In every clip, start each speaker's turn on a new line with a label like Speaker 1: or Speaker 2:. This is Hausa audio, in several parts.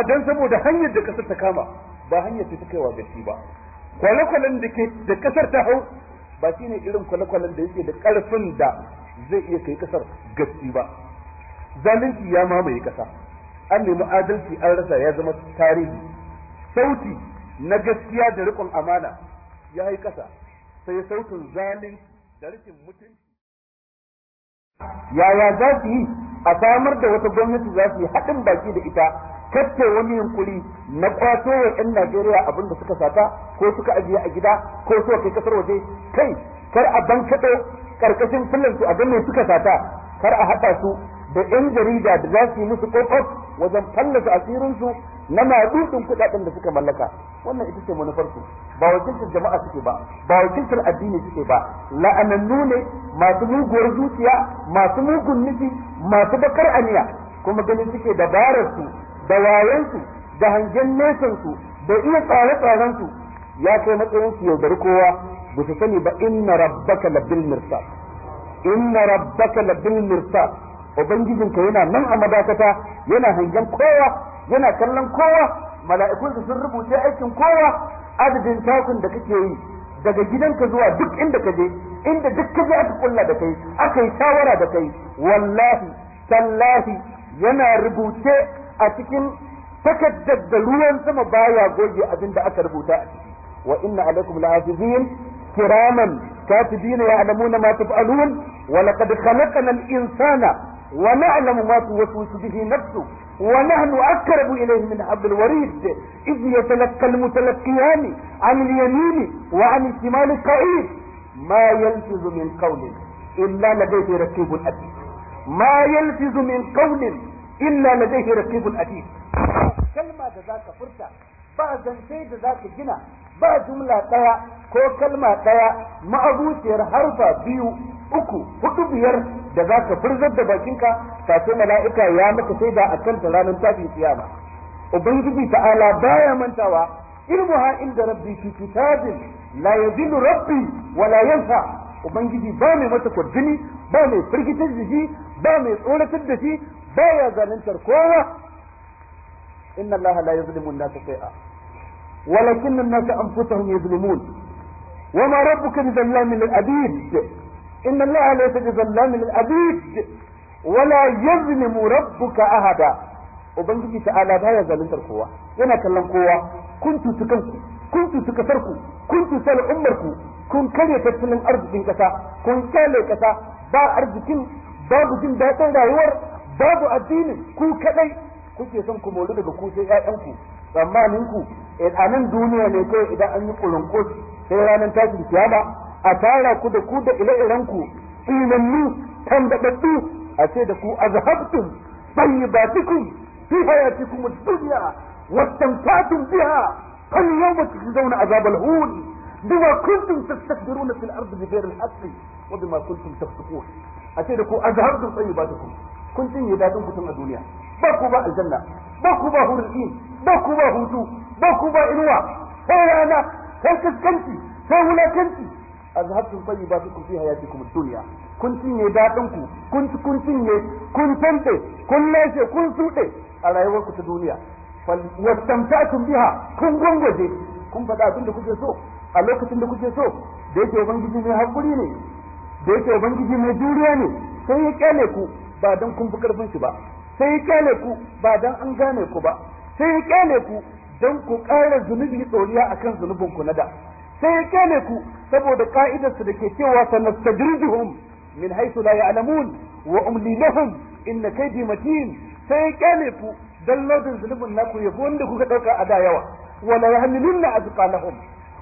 Speaker 1: a dan saboda hanyar da kasar ta kama ba hanyar ta kaiwa gaci ba kwale-kwalen da ke da kasar ta hau ba shi ne irin kwale-kwalen da yake da karfin da zai iya kai kasar gaci ba zalunci ya mamaye kasa an nemi adalci an rasa ya zama tarihi sauti na gaskiya da rikon amana ya yi kasa sai sautin zalunci da rikin mutunci yaya za su yi a samar da wata gwamnati za su yi haɗin baki da ita kacce wani yunkuri na kwato wa 'yan Najeriya abin da suka sata ko suka ajiye a gida ko suka kai kasar waje kai kar a bankaɗo karkashin fulansu a da suka sata kar a haɗa su da yan jarida da za su yi musu kokot wajen fallasa asirinsu na madudin kudaden da suka mallaka wannan ita ce manufarsu ba wakiltar jama'a suke ba ba wakiltar addini suke ba la'anannu ne masu muguwar zuciya masu mugun nufi masu bakar aniya kuma ganin suke dabararsu da wayansu da hangen nesansu da iya tsare-tsarensu ya kai matsayin su yaudari kowa ba su sani ba inna rabbaka labil mirsad inna rabbaka labil mirsad ubangijinka yana nan a madakata yana hangen kowa yana kallon kowa mala'ikunsa sun rubuce aikin kowa adadin takun da kake yi daga gidanka zuwa duk inda ka je inda duk ka je aka kulla da kai aka yi shawara da kai wallahi tallahi yana rubuce a cikin takaddar da ruwan sama baya goge abin da aka rubuta a ciki wa inna alaikum la'azizin kiraman katibina ya'lamuna ma taf'alun wa laqad khalaqna al-insana ونعلم ما توسوس به نفسه ونحن أقرب إليه من حبل الوريد إذ يتلقى المتلقيان عن اليمين وعن الشمال قعيد ما يلفظ من قول إلا لديه رقيب اديب ما يلفظ من قول إلا لديه رقيب اديب كلمة ذاك فرصة بعد سيد ذاك جنة بعد jumla ɗaya ko kalma ɗaya ma'abuciyar حرفه بيو uku hudu biyar da za ka furzar da bakinka face mala'ika ya maka sai da akan ta ranar tashin kiyama ubangiji ta'ala baya mantawa ilmuha inda rabbi fi kitabin la yadillu rabbi wa la yansa ubangiji ba mai mata kwarjini ba mai firgitar da shi ba mai tsoratar da shi ba ya zalantar kowa inna allah la yuzlimu an-nasa shay'a walakin an-nasa anfusahum yuzlimun وما ربك بظلام للعبيد إن الله ليس بظلام للأبيد ولا يظلم ربك أحدا ubangiji ta'ala baya zaluntar kowa yana kallon kowa kun tutu kanku kun tutu kasarku kun tutu al'ummarku kun kare tattalin arzikin kasa kun kyale kasa ba arzikin babu jin daɗin rayuwar babu addini ku kadai kuke son ku molu daga ku sai ku, tsammanin ku anan duniya ne kai idan an yi kulunkus sai ranar tashin kiyama a tara ku da ku da ire-iren ku tsinannu tambadaddu a ce da ku azhabtum tayyibatikum fi hayatikum ad-dunya واستمتعتم بها فاليوم تجزون عذاب الهون بما كنتم تستكبرون في الارض بغير الحق وبما كنتم تفسقون اتي دكو اظهرتم طيباتكم كنتم يدادون كتم الدنيا باكو با الجنه باكو با هرئين باكو با هدوء باكو با انواع sai rana sai kaskanci sai wulakanci azhabtum tayyibatukum fi hayatikum ad-dunya kun cinye dadin ku kun kun cinye kun tante kun lese kun sude a rayuwar ku ta duniya wastamta'tum biha kun gwangwaje kun faɗa abin da kuke so a lokacin da kuke so da yake ubangiji mai hakuri ne da yake ubangiji mai juriya ne sai ya kyale ku ba dan kun fi karfin shi ba sai ya kyale ku ba dan an gane ku ba sai ya kyale ku dan ku ƙara zunubi tsoriya akan zunubin ku na da sai ya kyale ku saboda ka'idarsa da ke cewa sanastadrijuhum min haythu la ya'lamun wa umli lahum inna kaydi matin sai ya kyale ku dan lodin zunubin naku ya fi wanda kuka dauka a da yawa wala yahmilunna azqalahum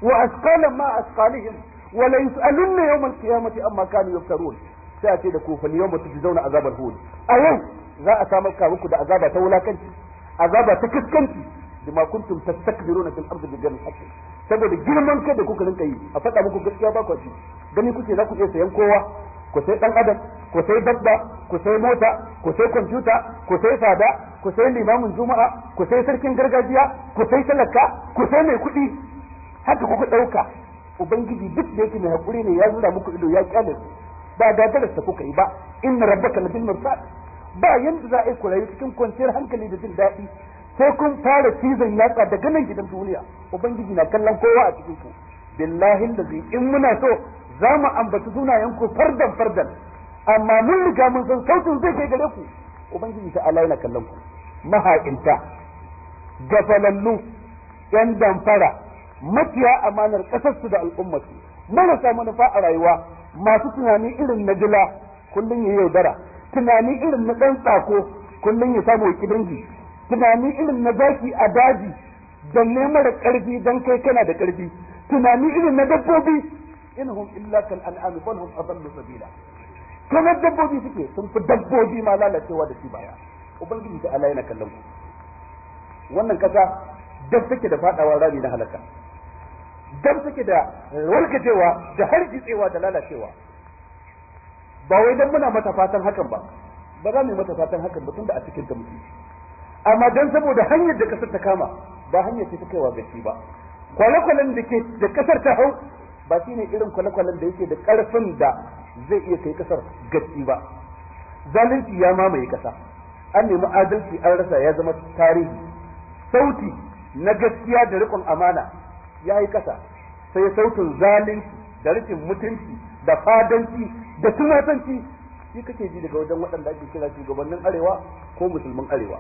Speaker 1: wa azqalan ma azqalihim wala yus'alunna yawm al-qiyamati amma kanu yaftarun sai a ce da ku fal yawma tujzauna azabal hud a yau za a samar ka muku da azaba ta wulakanci azaba ta kaskanci bima kuntum tastakbiruna fil ardi bighayri al saboda girman kai da kuka rinka yi a faɗa muku gaskiya ba ku ci gani kuke za ku iya sayan kowa ku sai dan adam ku sai dabba ku sai mota ku sai kwamfuta ku sai sada ku sai limamin juma'a ku sai sarkin gargajiya ku sai talaka ku sai mai kuɗi haka kuka ɗauka ubangiji duk da yake mai hakuri ne ya zura muku ido ya kyale su ba dadalar kuka yi ba inna rabbaka labil mursal ba yanda za a yi ku rayu cikin kwanciyar hankali da jin daɗi sai kun fara cizon yatsa da ganin gidan duniya ubangiji na kallon kowa a cikin ku billahi zai in muna so za mu ambaci sunayen ku fardan fardan amma mun riga mun san sautin zai kai gare ku ubangiji ta alaina kallon ku mahaƙinta gafalallu yan damfara makiya amanar ƙasarsu da al'ummarsu marasa manufa a rayuwa masu tunani irin na jila kullum ya yaudara tunani irin na ɗan tsako kullum ya samu dangi tunani irin na zaki a daji dan ne mara karfi don kai kana da karfi tunani irin na dabbobi inhum illa kal an'am bal hum adallu sabila kamar dabbobi suke sun fi dabbobi ma lalacewa da shi baya ubangiji ta Allah yana kallon ku wannan kasa dab take da fadawa rami na halaka dab take da walgajewa da har jitsewa da lalacewa ba wai dan muna mata fatan hakan ba ba za mu mata fatan hakan ba tunda a cikin ta mutunci amma dan saboda hanyar da kasar ta kama ba hanyar ta kaiwa gaci ba kwale-kwalen da ke da kasar ta hau ba shi ne irin kwale-kwalen da yake da karfin da zai iya kai kasar gaci ba zalunci ya mamaye kasa an nemi adalci an rasa ya zama tarihi sauti na gaskiya da rikon amana ya yi kasa sai sautin zalunci da rikin mutunci da fadanci da tumatanci shi kake ji daga wajen waɗanda ake kira shugabannin arewa ko musulmin arewa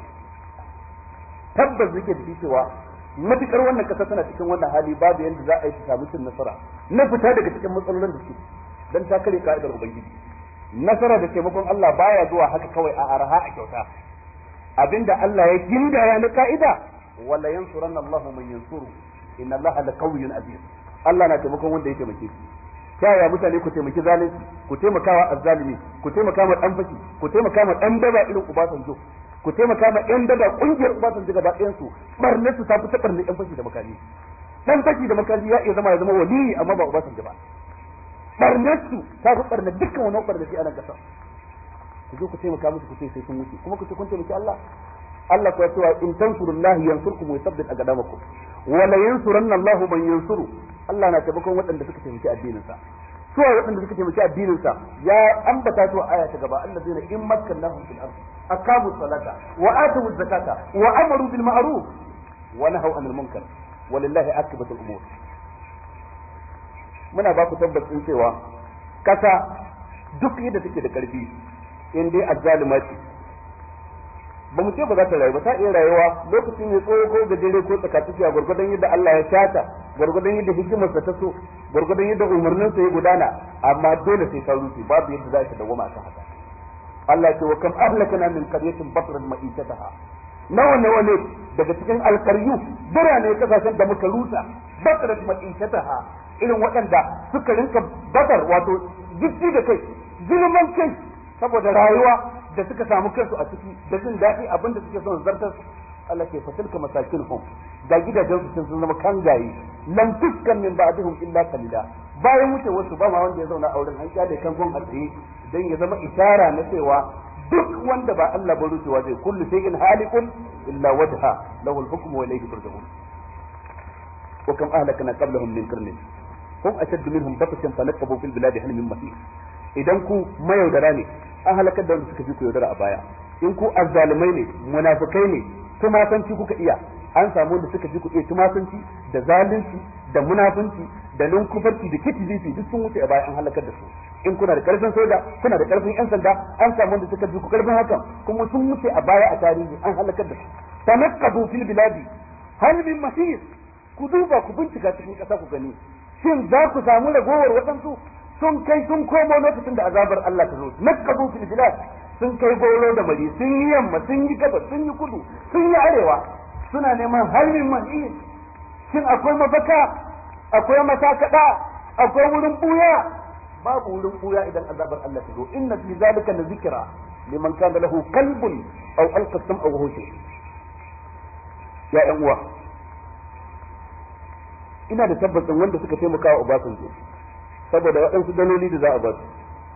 Speaker 1: tabbas yake da cewa matukar wannan kasa tana cikin wannan hali babu yanda za a yi ta samu cin nasara na fita daga cikin matsalolin da suke dan ta kare ka'idar ubangiji nasara da taimakon Allah baya zuwa haka kawai a araha a kyauta abinda Allah ya ya na ka'ida wala yansuranna Allah man yansuru inna Allah la qawiyyun aziz Allah na taimakon wanda ya taimake shi yaya mutane ku taimaki zalimi ku taimaka wa azzalimi ku taimaka ma dan fashi ku taimaka ma dan daba irin ubasan jo ku taimaka ma yan daga kungiyar Obasanjo gaba ɗayan su barne su tafi ta barnar yan fashi da makami dan fashi da makami ya iya zama ya zama wali amma ba Obasanjo ba barne su ta fi dukkan wani barnar shi ana kasa ku zo ku taimaka musu ku ce sai sun wuce kuma ku ce kun taimaki Allah Allah ya ce wa in tansurullahi yansurkum wa yuthabbit aqdamakum wa la yansurannallahu man yansuru Allah na taimakon waɗanda suka taimaki addinin sa su a waɗanda suka taimaki addinin sa ya ambata su aya ta gaba allazina in makkannahum fil ardh aqamu salata wa atu zakata wa amaru bil ma'ruf wa nahaw anil munkar walillahi akibatu umur muna ba ku tabbacin cewa kasa duk yadda take da karfi in dai azzalima ce ba mu ce ba za ta rayu ba ta iya rayuwa lokacin mai tsawo ko gajere ko tsakatsaki a gwargwadon yadda Allah ya shata gwargwadon yadda hikimarsa ta so gwargwadon yadda umarninsa ya gudana amma dole sai ta rufe babu yadda za ta dawoma a haka Allah ce wa kam ahlakana min qaryatin batrat ma'ishataha nawa nawa ne daga cikin alkaryu birane kasashen da muka rusa batrat ma'ishataha irin waɗanda suka rinka batar wato jiki da kai girman kai saboda rayuwa da suka samu kansu a ciki da jin daɗi abin da suke son zartar Allah ke fatilka masakin hum da gidajen su sun zama kangaye lan tuskan min ba'dihum illa qalila bayan wuce wasu ba ma wanda ya zauna auren an kyale kan gon a tsaye dan ya zama isara na cewa duk wanda ba Allah ba rucewa zai kullu shay'in halikun illa wajha lahu al-hukmu wa ilayhi turja'un wa kam ahlakna qablahum min qarnin hum ashaddu minhum batashan falaqabu fil biladi hal min masih idan ku mayaudara ne an halakar da wanda suka fi ku yaudara a baya in ku azzalumai ne munafukai ne tumasanci kuka iya an samu wanda suka fi ku iya tumasanci da zalunci da munafunci da lunkufarci da kitizisi duk sun wuce a baya an halakar da su in kuna da karfin soja kuna da karfin yan sanda an samu wanda suka fi ku karfin hakan kuma sun wuce a baya a tarihi an halakar da su tanaqqadu fil biladi hal min mahis ku duba ku bincika cikin ƙasa ku gani shin za ku samu ragowar waɗansu sun kai sun komo lokacin da azabar Allah ta zo nakabu fil bilad sun kai goro da mari sun yi yamma sun yi gaba sun yi kudu sun yi arewa suna neman halin mani shin akwai mafaka akwai masakada akwai wurin buya babu wurin buya idan azabar Allah ta zo inna fi zalika la zikra liman kana lahu qalbun aw alqa sam'a wa huwa ya ƴan uwa ina da tabbacin wanda suka taimaka wa Obasanjo saboda waɗansu daloli da za a ba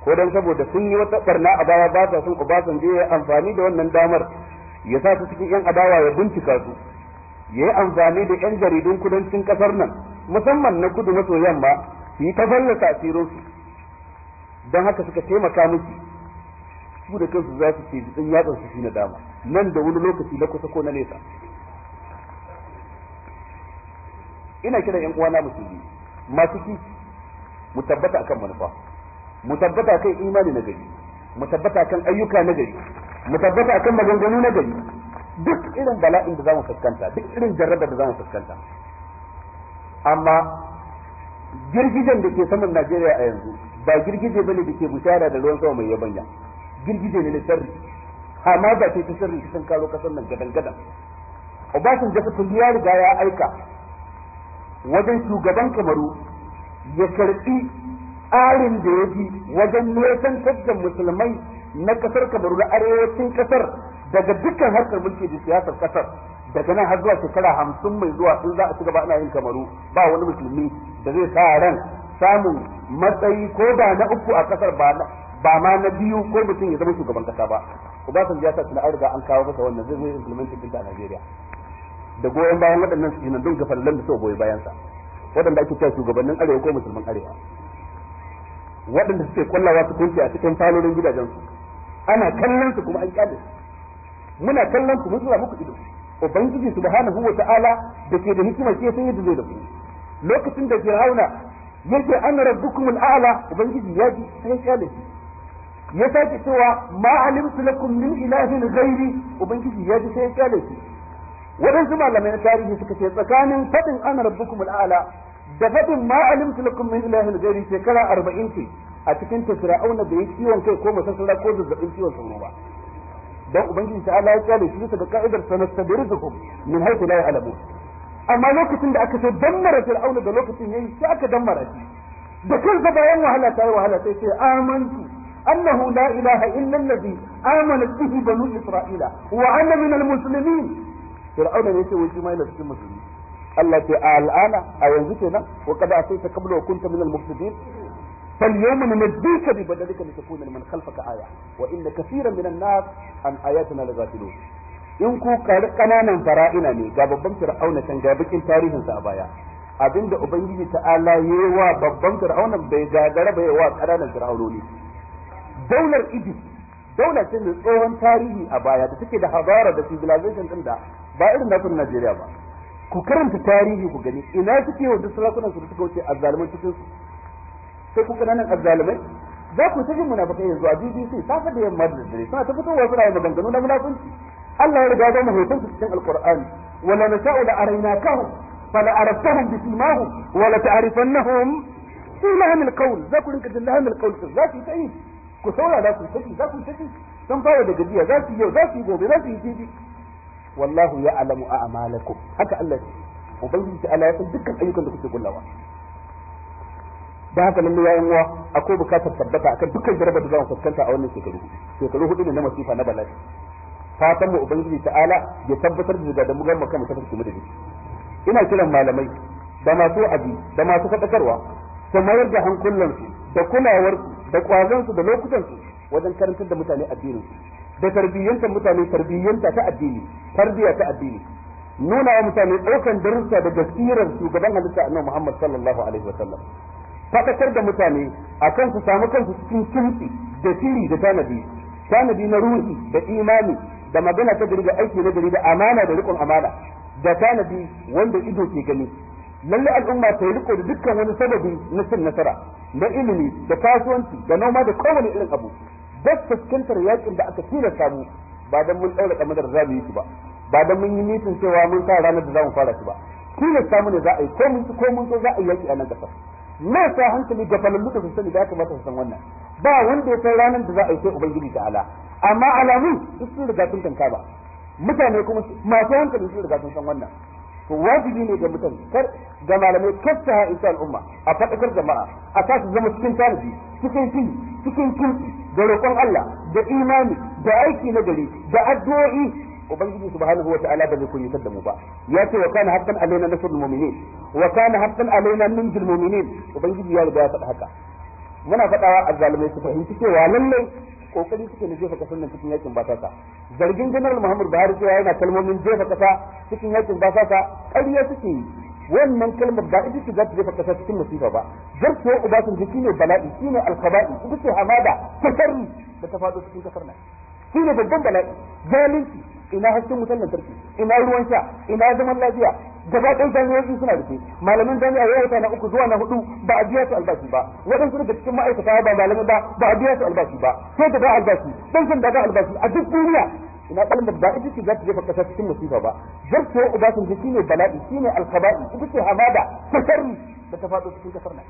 Speaker 1: su ko don saboda sun yi wata barna a baya ba sa son Obasanjo ya amfani da wannan damar ya sa su cikin yan adawa ya bincika su ya yi amfani da yan jaridun kudancin kasar nan musamman na kudu maso yamma su yi ta fallasa su don haka suka taimaka miki su da kansu za su ce jikin yatsar su na dama nan da wani lokaci na kusa ko na nesa ina kiran yan uwana musulmi masu kici mu tabbata akan manufa mu tabbata akan imani na gari mu tabbata akan ayyuka na gari mu tabbata akan maganganu na gari duk irin bala'in da zamu fuskanta duk irin jarrabar da zamu fuskanta amma girgijen da ke saman Najeriya a yanzu ba girgije bane da ke bushara da ruwan sama mai yabanya girgije ne na sirri amma ba ce ta sirri sun karo kasar nan gadan gadan Obasanjo fa ya riga ya aika wajen shugaban Kamaru ya karɓi tsarin da ya bi wajen nesantar da musulmai na kasar kamaru da arewacin kasar daga dukkan harkar mulki da siyasar kasar daga nan har zuwa shekara hamsin mai zuwa sun za a ci gaba ana yin kamaru ba wani musulmi da zai sa ran samun matsayi ko da na uku a kasar ba ma na biyu ko mutum ya zama shugaban kasa ba Obasanjo ya sa suna an riga an kawo masa wannan zai zai implementing din a Najeriya da goyon bayan waɗannan su nan don gafallan da so goyi bayansa. waɗanda ake cewa shugabannin arewa ko musulman arewa waɗanda suke kwallawa su kunce a cikin falolin gidajensu ana kallon su kuma an kyale muna kallon su mutuwa muku ido ubangiji subhanahu wa ta'ala da ke da hikima ke sun yi da zai da ku lokacin da fir'auna yake an rabbukum al'ala ubangiji ya ji sai kyale shi ya sake cewa ma'alimtu lakum min ilahin ghairi ubangiji ya ji sai kyale shi waɗansu malamai na tarihi suka ce tsakanin faɗin ana rabbukum al'ala da faɗin ma alimtu lakum min ilahin shekara arba'in ce a cikin ta auna da ya ciwon kai ko masassara ko zazzabin ciwon sauro ba dan ubangiji ta Allah ya kyale shi bisa da ka'idar sanastadrizukum min haythu la ya'lamun amma lokacin da aka ce dammara fir'auna da lokacin yayi sai aka dammara shi da kansa bayan wahala ta yi wahala sai ce amantu annahu la ilaha illa allazi amanat bihi banu isra'ila wa ana min fir'auna ne ce wai shi ma cikin musulmi Allah ce a al'ana a yanzu kenan wa kada ta kabla wa kunta minal mufsidin فاليوم ننجيك ببدنك لتكون لمن خلفك آية وإن كثيرا من الناس عن آياتنا لغافلون in ku kananan fara'ina ne ga babban fir'auna can ga tarihin tarihinsa a baya abinda ubangiji ta'ala yawa babban fir'auna bai gagara bai wa kananan fir'aunoni daular idi daular ce mai tsohon tarihi a baya da take da hazara da civilization din da ba irin nasin Najeriya ba ku karanta tarihi ku gani ina suke wa duk sarakunan su suka wuce azzalumai cikin su sai ku kananan azzalumai za ku ta jin munafikai yanzu a BBC safa da yamma da dare suna ta fitowa suna yin maganganu na munafunci Allah ya riga ba mu hoton su cikin Alqur'ani wala nasha'u la araynakahum fala araftahum bi simahum wala ta'rifannahum fi lahmil qawl za ku rinka jin lahmil qawl za ku ta yi ku saurara ku tafi za ku tafi sun fara da gajiya za su yi yau za su yi gobe za su yi jibi wallahu ya'lamu a'malakum haka Allah ya ubangiji ta Allah ya san dukkan ayyukan da kuke gullawa. da haka nan ya wa akwai bukatar tabbata akan dukkan jarabar da zamu fuskanta a wannan shekaru shekaru hudu ne na masifa na bala'i fatan mu ubangiji ta'ala ya tabbatar da daga mu garma kanmu tafi mu da shi ina kiran malamai da masu abi da masu fadakarwa su mayar da hankulansu da kulawarsu da kwazansu da lokutansu wajen karantar da mutane addinin su da tarbiyyanta mutane tarbiyyanta ta addini tarbiyya ta addini nuna wa mutane ɗaukan darussa da gaskirar shugaban halitta annabi Muhammad sallallahu alaihi wa sallam fadakar da mutane akan su samu kansu cikin kimtsi da shiri da tanadi tanadi na ruhi da imani da magana ta gari da aiki na gari da amana da riƙon amana da tanadi wanda ido ke gani lalle al'umma ta yi riko da dukkan wani sababi na cin nasara na ilimi da kasuwanci da noma da kowane irin abu ba fuskantar yakin da aka tilasta mu ba dan mun daura kamadar za mu yi shi ba ba dan mun yi mitin cewa mun sa ranar da za mu fara shi ba tilasta mu ne za a yi ko mun ko mun so za a yi yaki a nan kasar me sa hankali ga falalluka su sani da ya kamata su san wannan ba wanda ya san ranar da za a yi sai ubangiji ta ala amma alamu sun riga sun tanka ba mutane kuma masu hankali sun riga sun san wannan wajibi ne ga mutane kar ga malamai kasta ha isa al'umma a faɗakar jama'a a tashi zama cikin tarihi cikin shiri cikin kirki da roƙon Allah da imani da aiki na gari da addu'o'i ubangiji subhanahu wa ta'ala ba zai kunyatar da mu ba ya ce wa kana haqqan alaina nasrul mu'minin wa kana haqqan alaina nunjil mu'minin ubangiji ya riga ya faɗa haka muna faɗawa azzalimai su fahimci cewa lallai kokari suke na jefa kasar nan cikin yakin basasa zargin general muhammad buhari cewa yana kalmomin jefa kasa cikin yakin basasa ƙarya suke yi wannan kalmar ba ita ce za ta jefa kasa cikin masifa ba zartuwar ubasanji shine bala'i shine alkaba'i ita ce hamada ta sarri da ta faɗo cikin kasar nan shine babban bala'i zalunci ina hasken wutar lantarki ina ruwan sha ina zaman lafiya gaba ɗaya jami'o'i suna rufe malamin jami'a ya wata na uku zuwa na hudu ba a biya su albashi ba waɗansu daga cikin ma'aikata ba malamai ba ba a biya su albashi ba sai da ba albashi dan san da ba albashi a duk duniya ina kalmar ba ita ce za ta jefa ƙasa cikin musifa ba zartuwar ubasanji shine bala'i shine alkaba'i ita ce hamada ta sharri da ta faɗo cikin nan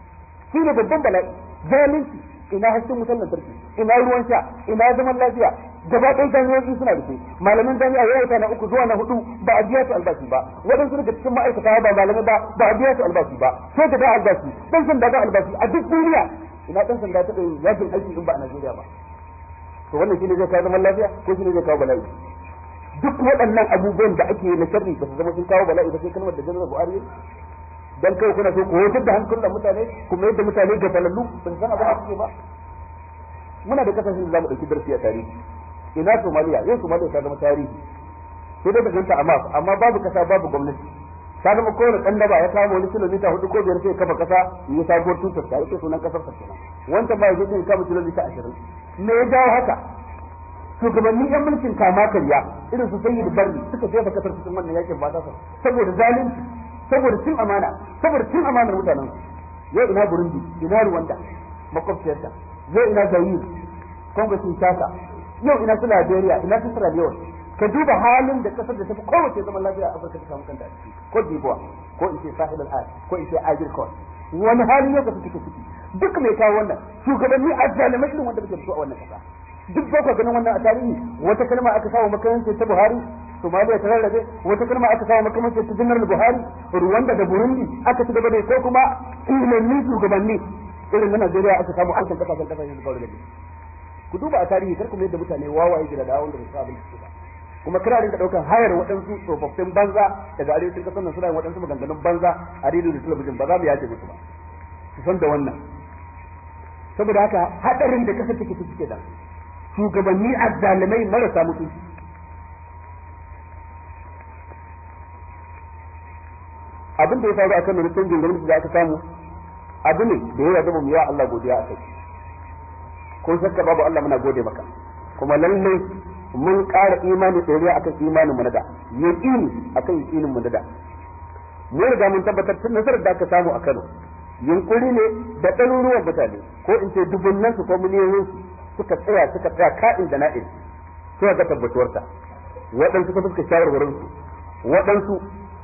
Speaker 1: shine babban bala'i zalunci ina hasken wutar lantarki ina ruwan sha ina zaman lafiya gaba ɗaya jami'o'i suna rufe malamin jami'a ya wata na uku zuwa na hudu ba a biya su albashi ba waɗansu daga cikin ma'aikata ba malamai ba ba a biya su albashi ba sai da ba albashi ɗan sanda ga albashi a duk duniya ina ɗan sanda ta ɗaya yajin aiki in ba a Najeriya ba to wannan shine zai kawo zaman lafiya ko shine zai kawo bala'i duk waɗannan abubuwan da ake na sharri ba su zama sun kawo bala'i ba sai kalmar da janar Buhari dan kai kuna so ku hotar da hankulan mutane kuma yadda mutane ga falallu ba san abin da suke ba muna da kasashen da za mu ɗauki darasi a tarihi ina Somalia? yau Somalia ta zama tarihi sai dai ganta a map amma babu kasa babu gwamnati ta zama kowane ɗan daba ya kama wani kilomita hudu ko biyar sai kafa kasa ya sabuwar tutar ta ita sunan kasar ta kenan wancan ba ya zo ya kama kilomita ashirin me ya jawo haka shugabannin yan mulkin kama karya irin su sayyid barri suka jefa kasar cikin wannan yakin ba ta saboda zalunci saboda cin amana saboda cin amanar mutanen yau ina burundi ina ruwanda makwabciyarta yau ina zayir kwangashin tasa yau ina su Liberia ina su Sierra Leone ka duba halin da kasar da tafi kowace zaman lafiya a Afirka ta samu kanta a ciki ko Dibuwa ko in ce Sahel al ko in ce Ivory Coast wani halin yau kasar take ciki duk mai kawo wannan shugabanni azzalimai irin wanda muke so a wannan kasa duk ba ku ganin wannan a tarihi wata kalma aka sa sawa makarantar ta Buhari Somalia ta rarrabe wata kalma aka sa sawa makarantar ta General Buhari Rwanda da Burundi aka ci gaba da ko kuma ilimin shugabanni irin na Najeriya aka samu harkar kasashen kasashen da kawai ku duba a tarihi kar ku mai da mutane wawaye gida da wanda ba su abin da ba kuma kana rinka daukan hayar waɗansu tsofaffin banza daga arewacin kasar nan suna yin waɗansu maganganun banza a rediyo da talabijin ba za mu yace musu ba su san da wannan saboda haka hadarin da kasa take take da shugabanni azzalimai marasa mutunci abin da ya faru a kan nuna canjin gwamnati da aka samu abu ne da ya zama mu yi Allah godiya a kai ko shakka babu Allah muna gode maka kuma lallai mun ƙara imani a akan imanin mu na da a kan yaqinin mu na da mu riga mun tabbatar tun nasarar da aka samu a Kano yunkuri ne da ɗaruruwan mutane ko in ce dubunnan su ko miliyoyin su suka tsaya suka tsaya ka'in da na'in suna ga tabbatuwarta waɗansu ka fuska shawarwarin waɗansu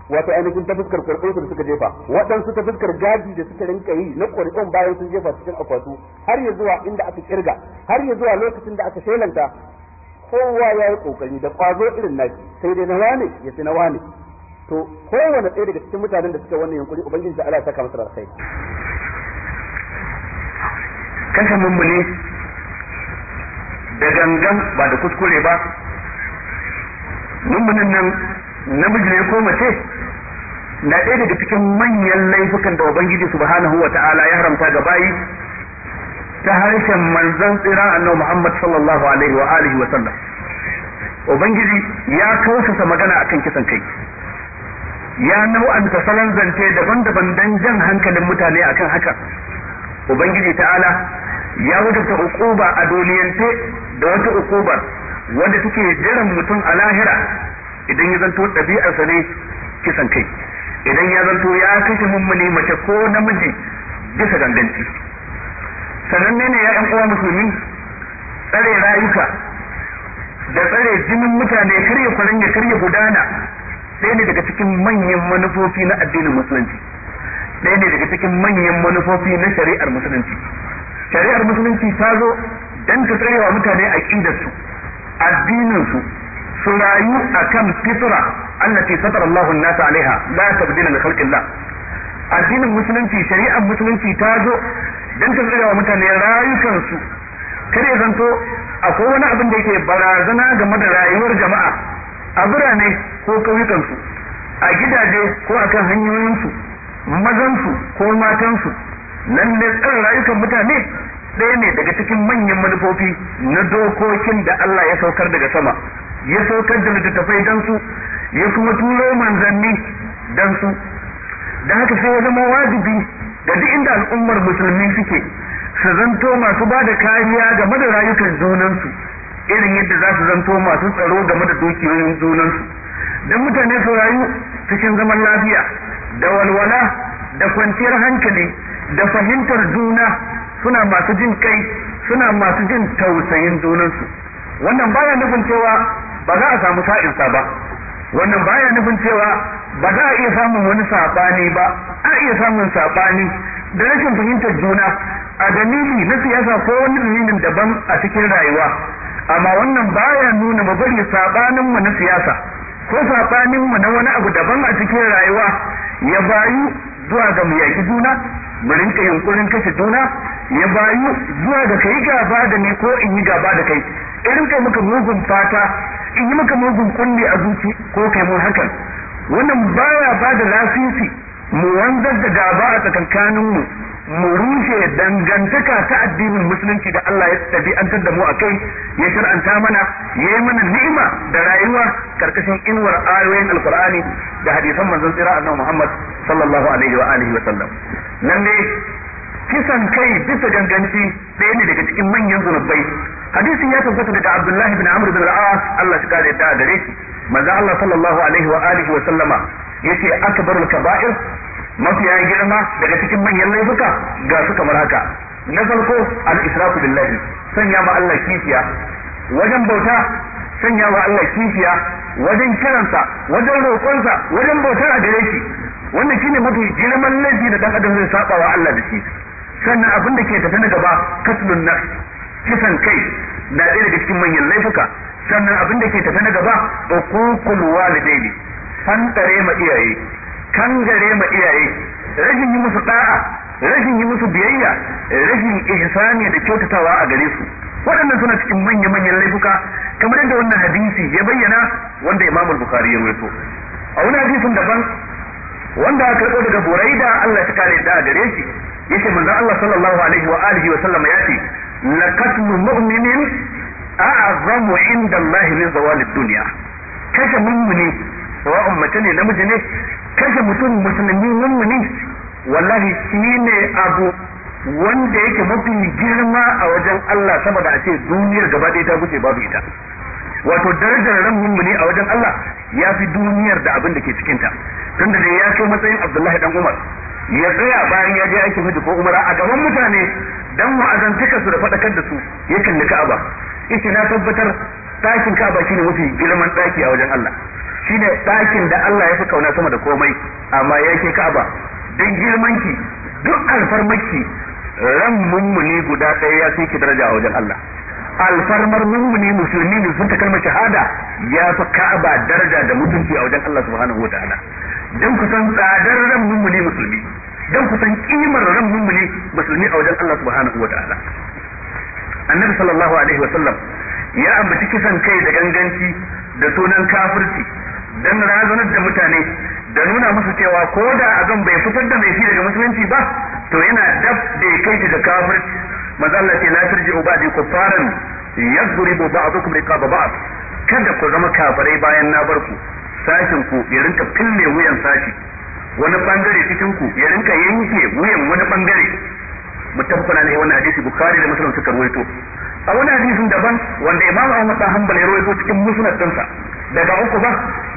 Speaker 1: wato ainihin ta fuskar kurkunsu da suka jefa waɗansu ta fuskar gadi da suka rinka yi na kurkun bayan sun jefa cikin akwatu har ya zuwa inda aka kirga har ya zuwa lokacin da aka shelanta kowa ya yi kokari da kwazo irin naki sai dai na wane ya fi na wane to kowane ɗaya daga cikin mutanen da suka wannan yankuri ubangiji ta Allah ya saka masa rasai kasamin mu da gangan ba da kuskure ba mummunan nan namiji ne ko mace na ɗaya daga cikin manyan laifukan da ubangiji subhanahu wa ta'ala ya haramta ga bayi ta harshen manzon tsira annabi Muhammad sallallahu alaihi wa alihi wa sallam ubangiji ya tausasa magana akan kisan kai ya nau'anta salon zance daban-daban dan jan hankalin mutane akan haka ubangiji ta'ala ya wajabta ukuba a duniyance da wata ukuba wanda take jiran mutum a lahira idan ya zanto ɗabi'arsa ne kisan kai idan ya zanto ya kashe mummuni mace ko namiji bisa ganganci sannan ne ne ya yan uwa musulmi tsare rayuka da tsare jinin mutane karya kwaran ya karya gudana ɗaya ne daga cikin manyan manufofi na addinin musulunci ɗaya ne daga cikin manyan manufofi na shari'ar musulunci shari'ar musulunci ta zo don ta tsarewa mutane ƙidarsu. addinin su rayu akan fitra allati satara Allahu an-nasa alaiha la tabdila li addinin musulunci shari'ar musulunci ta zo dan ta tsira wa mutane rayukansu kare zanto akwai wani abin da yake barazana game da rayuwar jama'a a birane ko kauyukansu a gidaje ko akan hanyoyinsu mazansu ko matansu lalle tsare rayukan mutane ɗaya ne daga cikin manyan manufofi na dokokin da Allah ya saukar daga sama ya saukar da littattafai don su ya kuma turo manzanni dan su da haka sai ya zama wajibi da duk inda al'ummar musulmi suke su zanto masu ba da kariya game da rayukan junansu irin yadda za su zanto masu tsaro game da dukiyoyin junansu don mutane su rayu cikin zaman lafiya da walwala da kwanciyar hankali da fahimtar juna suna masu jin kai suna masu jin tausayin junansu wannan baya nufin cewa ba za a samu sa'insa ba wannan baya nufin cewa ba za a iya samun wani saɓani ba a iya samun saɓani da rashin fahimtar juna a dalili na siyasa ko wani dalilin daban a cikin rayuwa amma wannan baya nuna ba bari saɓanin mu na siyasa ko saɓanin mu na wani abu daban a cikin rayuwa ya bayu zuwa ga mu yaki juna mu rinka yunkurin kashe juna ya bayu zuwa ga kai gaba da ni ko in yi gaba da kai irin kai muka mugun fata in yi maka mugun kunne a zuci ko kai mun hakan wannan baya ba da lasisi mu wanzar da gaba a tsakanin mu mu rushe dangantaka ta addinin musulunci da Allah ya an da mu a kai ya shar'anta mana ya yi mana ni'ima da rayuwa karkashin inuwar ayoyin alkur'ani da hadisan manzon tsira annabi Muhammad sallallahu alaihi wa alihi wa sallam nan kisan kai bisa ganganci ɗaya ne daga cikin manyan zunubai hadisin ya tabbata daga abdullahi bin amr bin al-as Allah shi kare da gare shi manzo Allah sallallahu alaihi wa alihi wa sallama yace akbarul kaba'ir mafiya girma daga cikin manyan laifuka ga su kamar haka na farko al-israfu billahi sanya ma Allah kifiya wajen bauta sanya Allah kifiya wajen kiransa wajen roƙonsa wajen bautar a gare shi wannan shine mafi girman laifi da dan adam zai saba wa Allah da shi sannan abin da ke tafi na gaba kasulun nafs kisan kai na ɗaya daga cikin manyan laifuka sannan abin da ke tafi na gaba uququl walidaini ɗare ma iyaye kan gare ma iyaye rashin yi musu da'a rashin yi musu biyayya rashin ihsani da kyautatawa a gare su waɗannan suna cikin manya manyan laifuka kamar yadda wannan hadisi ya bayyana wanda Imam Bukhari ya rawaito a wani hadisin daban wanda aka karɓo daga Buraida Allah ya kare da gare shi Yake manzon Allah sallallahu alaihi wa alihi wa sallam ya ce la qatlu mu'minin a'zamu inda Allah min zawal ad-dunya kashe mummuni sawa'un mace ne namiji ne kashe mutum musulmi mummuni wallahi ne abu wanda yake mafi girma a wajen Allah saboda a ce duniyar gaba ɗaya ta guje babu ita wato darajar ran mummuni a wajen Allah ya fi duniyar da abin da ke cikinta tunda da ya kai matsayin Abdullahi dan Umar ya tsaya bayan ya je aikin hajji ko umara a gaban mutane dan wa'azantaka su da fadakar da su ya kalli Ka'aba yace na tabbatar ɗakin Ka'aba shine mafi girman ɗaki a wajen Allah shine ɗakin da Allah ya fi kauna sama da komai amma ya ke Ka'aba dan girmanki duk alfarmaki ran mummuni guda ɗaya ya fi ki daraja a wajen Allah alfarmar mummuni musulmi ne sun ta kalmar shahada ya fi ka'aba daraja da mutunci a wajen Allah subhanahu wa ta'ala dan kusan tsadar ran mummuni musulmi dan kusan kimar ran mummuni musulmi a wajen Allah subhanahu wa ta'ala annabi sallallahu alaihi wa sallam ya ambaci kisan kai da ganganci da sunan kafirci dan razanar da mutane da nuna musu cewa ko da abin bai fitar da mai shi daga musulunci ba to yana dab da ya kai shi kafirci manzo Allah ce la tarji'u ba'di kuffaran yadribu ba'dukum riqaba ba'd kada ku zama kafirai bayan na bar ku sashin ku ya rinka fille wuyan sashi wani bangare cikin ku ya rinka yanke wuyan wani bangare mutaffana ne wannan hadisi bukhari da muslim suka rawaito a wani hadisin daban wanda imam ahmad bin hanbal ya rawaito cikin musnad dinsa daga uku ba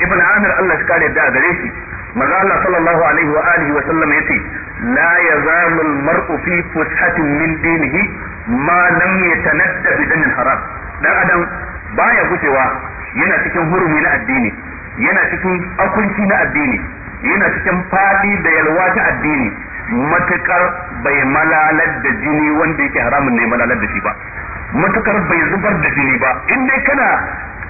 Speaker 1: ibn amir Allah ya kare da gare shi manzo Allah sallallahu alaihi wa alihi wa sallam yace لا يزال المرء في فسحة من دينه ما لم يتندى بدم الحرام dan ادم baya gujewa yana cikin hurumi na addini yana cikin akunci na addini yana cikin fadi da yalwa ta addini matukar bai malalar da jini wanda yake haramun ne malalar da shi ba matukar bai zubar da jini ba in dai kana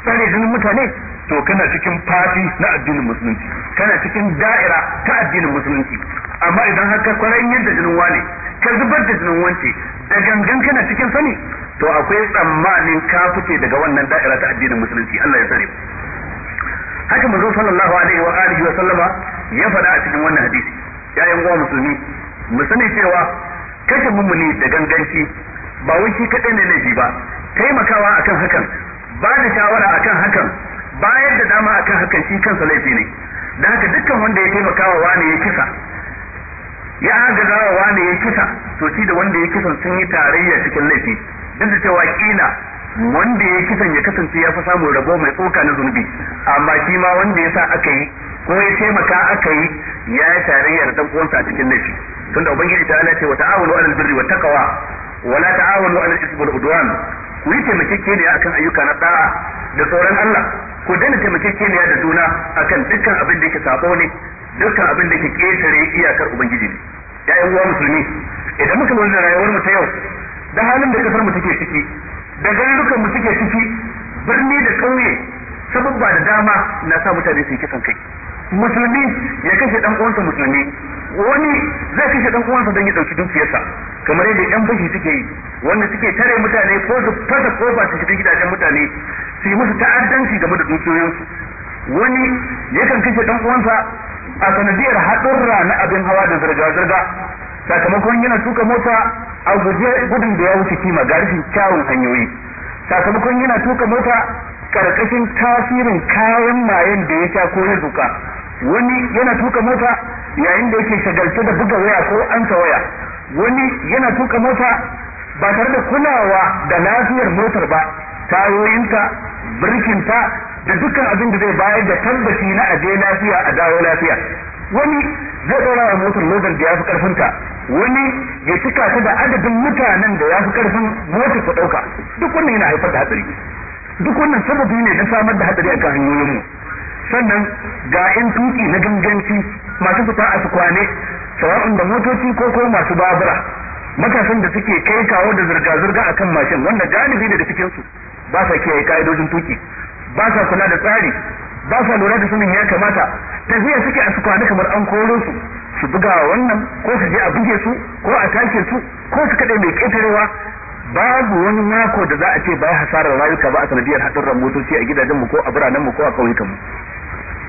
Speaker 1: tsare jinin mutane to kana cikin fadi na addinin musulunci kana cikin da'ira ta addinin musulunci amma idan haka kwaran da jinin wani ka zubar da jinin wance da gangan kana cikin sani to akwai tsammanin ka fice daga wannan da'ira ta addinin musulunci Allah ya tsare haka manzo sallallahu alaihi wa alihi wa sallama ya faɗa a cikin wannan hadisi ya yan uwa musulmi mu sani cewa kake mummuni da ganganci ba wai shi kadai ne laifi ba taimakawa akan hakan ba da shawara akan hakan bayar da dama akan hakan shi kansa laifi ne da haka dukkan wanda ya taimakawa wani ya kisa ya agaza wa ne ya kisa to shi da wanda ya kisan sun yi tarayya cikin laifi duk da cewa kila wanda ya kisan ya kasance ya fi samun rabo mai tsoka na zunubi amma shi ma wanda ya sa aka yi ko ya taimaka aka yi ya yi tarayyar dan uwansa a cikin laifi tunda ubangiji ta ce wa ta'awunu alal birri wa taqwa wa la ta'awunu alal ismi wal udwan ku yi taimakekeniya akan ayyuka na da'a da tsoron Allah ku daina taimakekeniya da juna akan dukkan abin da yake sabo ne dukkan abin da ke ƙetare iyakar ubangiji ne yi uwa musulmi idan muka lura da rayuwar mu ta yau da halin da kasar mu take ciki da garurukan mu suke ciki birni da ƙauye sababba da dama na sa mutane su yi kisan kai musulmi ya kashe dan uwansa musulmi wani zai kashe dan uwansa don ya dauki dukiyarsa kamar yadda yan fashi suke yi wanda suke tare mutane ko su fasa kofa su shiga gidajen mutane su yi musu ta'addanci game da dukiyoyinsu wani yakan kashe dan uwansa a sanadiyar haɗurra na abin hawa da zirga-zirga sakamakon yana tuka mota a guje gudun da ya wuce kima ga kyawun hanyoyi sakamakon yana tuka mota karkashin tasirin kayan mayen da ya sha ko ya zuka wani yana tuka mota yayin da yake shagalce da buga waya ko ansa waya wani yana tuka mota ba tare da kulawa da lafiyar motar ba tayoyinta ta da dukkan abin da zai bayar da tabbaci na aje lafiya a dawo lafiya wani zai dora wa motar lodar da ya fi ƙarfinta wani ya cika ta da adadin mutanen da ya fi ƙarfin motar ta ɗauka duk wannan yana haifar da hatsari duk wannan sababi ne na samar da hatsari a kan hanyoyinmu sannan ga 'yan tuki na ganganci masu fita a su kwane sawa'un da motoci ko ko masu babura matasan da suke kai kawo da zirga-zirga akan mashin wanda galibi da cikinsu ba sa kiyaye ka'idojin tuki ba sa kula da tsari ba sa lura da sunan ya kamata tafiya suke a su kwana kamar an koro su su buga wannan ko su je a buge su ko a take su ko su kaɗai mai ƙetarewa babu wani mako da za a ce bai hasarar rayuka ba a sanadiyar haɗurran motoci a gidajenmu ko a biranenmu ko a mu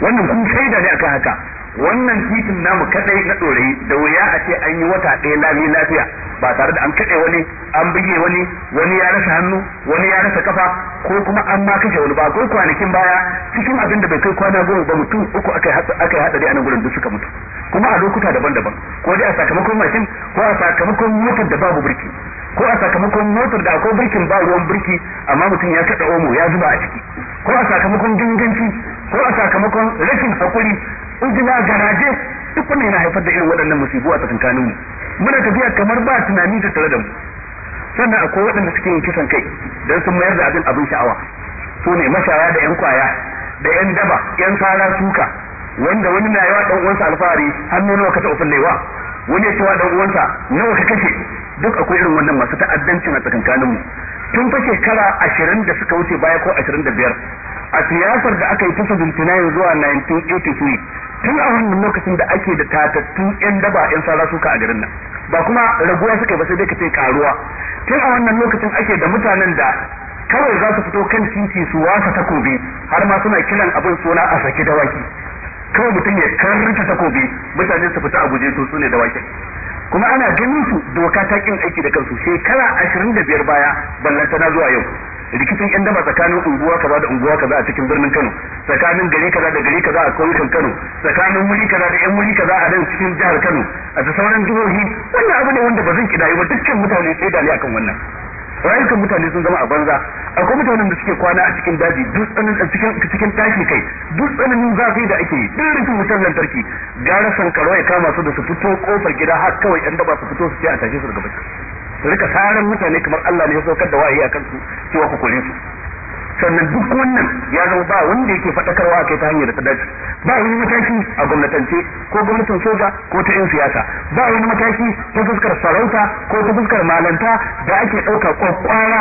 Speaker 1: wannan kun shaida ne akan haka wannan titin namu kadai na dorayi da wuya a ce an yi wata ɗaya lami lafiya ba tare da an kaɗe wani an buge wani wani ya rasa hannu wani ya rasa kafa ko kuma an ma kashe wani ba ko kwanakin baya cikin abin da bai kai kwana goma ba mutum uku aka yi haɗari a nan gurin duk suka kuma a lokuta daban-daban ko dai a sakamakon mashin ko a sakamakon motar da babu birki ko a sakamakon motar da akwai birkin ba ruwan birki amma mutum ya kaɗa omo ya zuba a ciki ko a sakamakon dinganci ko a sakamakon rashin hakuri ujila garaje duk wannan yana haifar da irin waɗannan musibu a tsakankanin mu muna tafiya kamar ba tunani da tare da mu sannan akwai waɗanda suke yin kisan kai dan sun mayar da abin abin sha'awa su ne mashaya da yan kwaya da yan daba yan sara suka wanda wani na yawa dan uwansa alfahari hannu nawa ka taɓa fallewa wani ya cewa dan uwansa nawa ka kashe duk akwai irin wannan masu ta'addancin a tsakankanin mu tun fa shekara ashirin da suka wuce baya ko ashirin da biyar a siyasar da aka yi ta yanzu zuwa 1983 tun a wannan lokacin da ake da tatattun yan daba yan sara suka a garin nan ba kuma raguwa suka ba sai dai kace karuwa tun a wannan lokacin ake da mutanen da kawai za su fito kan titi su wasa takobi har ma suna kiran abin suna a saki dawaki kawai mutum ya karanta takobi mutane su fita a guje to su ne dawaki kuma ana ganin su doka ta kin aiki da kansu shekara ashirin da biyar baya ballantana zuwa yau rikicin yan daba tsakanin unguwa kaza da unguwa kaza a cikin birnin Kano tsakanin gari kaza da gari kaza a kauyukan Kano tsakanin wuri kaza da yan wuri kaza a nan cikin jihar Kano a ta sauran jihohi wannan abu ne wanda ba zan kidaye ba dukkan mutane sai da ne akan wannan rayukan mutane sun zama a banza akwai mutanen da suke kwana a cikin daji duk tsanin a cikin cikin tashi kai duk tsananin zafi da ake duk rufin wutar lantarki gara sankarwa ya kama su da su fito kofar gida har kawai yan daba su fito su sai a tashi su daga bacci rika saran mutane kamar Allah ne ya saukar da wahayi akan su cewa ku kore su sannan duk wannan ya zama ba wanda yake faɗakarwa a kai ta hanyar da ta dace ba wani mataki a gwamnatance ko gwamnatin soja ko ta yan siyasa ba wani mataki ta fuskar sarauta ko ta fuskar malanta da ake dauka kwakwara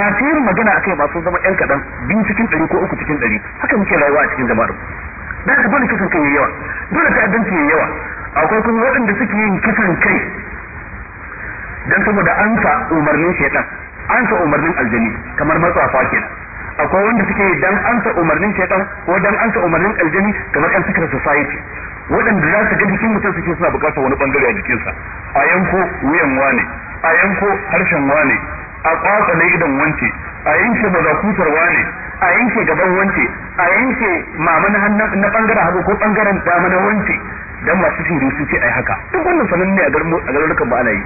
Speaker 1: masu yin magana akai masu zama yan kadan biyu cikin dari ko uku cikin dari haka muke rayuwa a cikin jama'ar da ka bani kisan kai yawa dole addanci yawa akwai kuma waɗanda suke yin kisan kai dan saboda an sa umarnin shaytan an sa umarnin aljani kamar matsafa kenan akwai wanda suke dan an sa umarnin shaytan ko dan an sa umarnin aljani kamar yan secret society waɗanda za su ga jikin mutum suke suna buƙatar wani bangare a jikinsa a yanko wuyan wane a yanko harshen wane a na idan wance a yanke mazakutar wane a yanke gaban wance a yanke mama na bangaren hagu ko bangaren dama na wance dan masu sihiri su ce ai haka duk wannan sanan ne a garurukan ba ana yi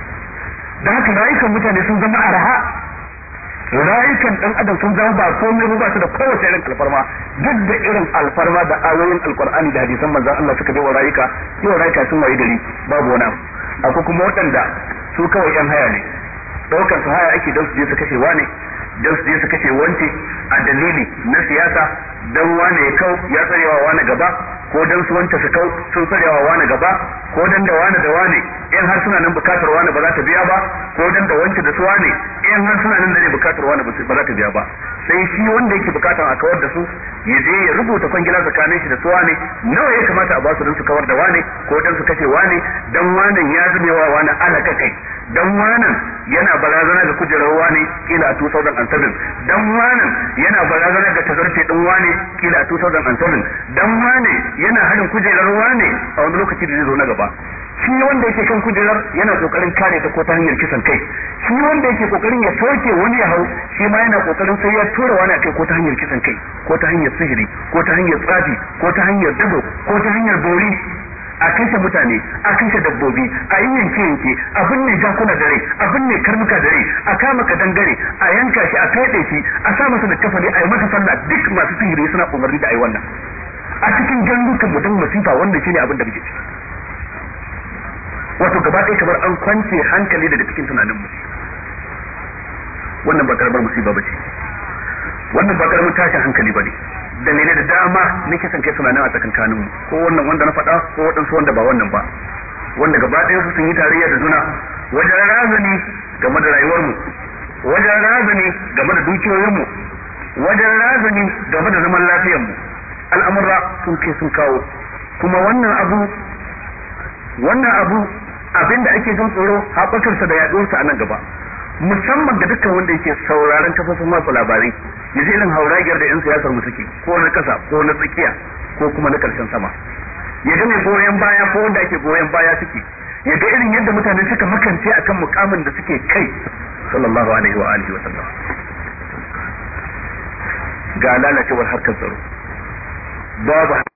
Speaker 1: da haka rayukan mutane sun zama araha rayukan dan adam sun zama ba komai ba su da kowace irin alfarma duk da irin alfarma da ayoyin alkur'ani da hadisan manzon Allah suka bai wa rayuka yau rayuka sun wayi gari babu wani abu akwai kuma waɗanda su kawai yan haya ne daukan su haya ake don su je su kashe wane don su je su kashe wance a dalili na siyasa don wane ya kau ya tsarewa wane gaba ko don su wanta su kau sun tsarewa wane gaba ko don da wane da wane in har suna nan bukatar wani ba za ta biya ba ko dan da wanke da suwa ne in har suna nan da ne bukatar wani ba za ta biya ba sai shi wanda yake bukatar a kawar da su ya je ya rubuta kwangila tsakanin shi da suwa ne nawa ya kamata a ba su don su kawar da wane ko dan su kashe wane dan wanan ya zame wa wani alaka kai dan wanan yana barazana da kujerar wani kila a 2007 dan wanan yana barazana da tazarce din wane kila a 2007 dan wane yana harin kujerar wani a wani lokaci da zai zo na gaba shi wanda yake wannan kujerar yana kokarin kare ta ko ta hanyar kisan kai shi wanda yake kokarin ya soke wani ya hau shi ma yana kokarin sai ya tura wani a kai ko ta hanyar kisan kai ko ta hanyar sihiri ko ta hanyar tsafi ko ta hanyar dago ko ta hanyar bori a kashe mutane a kashe dabbobi a yi yanke yanke a binne jakuna da rai a binne karnuka da rai a kama kadangare a yanka shi a kaɗe shi a sa masa da ne a yi masa sallah duk masu sihiri suna umarni da a yi wannan a cikin gangukan mutum masifa wanda shine abin da muke ciki wato gaba ɗaya kamar an kwance hankali daga cikin tunanin mu wannan ba karamar musiba ba ce wannan ba karamin tashin hankali ba ne dalilai da dama ne kisan kai tunanin a tsakankanin mu ko wannan wanda na faɗa ko waɗansu wanda ba wannan ba wanda gaba ɗaya su sun yi tarayya da juna wajen razani game da rayuwarmu wajen razani game da dukiyoyinmu wajen razani game da zaman lafiyarmu al'amura sun kai sun kawo kuma wannan abu wannan abu Abin da ake jin tsoro haɓakarsa da yaɗuwarsa a nan gaba musamman ga dukkan wanda yake sauraron kafofin masu labarai ya ji irin hauragiyar da 'yan siyasar mu suke ko na ƙasa ko na tsakiya ko kuma na ƙarshen sama ya ga mai goyon baya ko wanda ake goyon baya suke ya ga irin yadda mutane suka makance a kan mukamin da suke kai sallallahu alaihi wa alihi wa sallam ga lalacewar harkar tsaro babu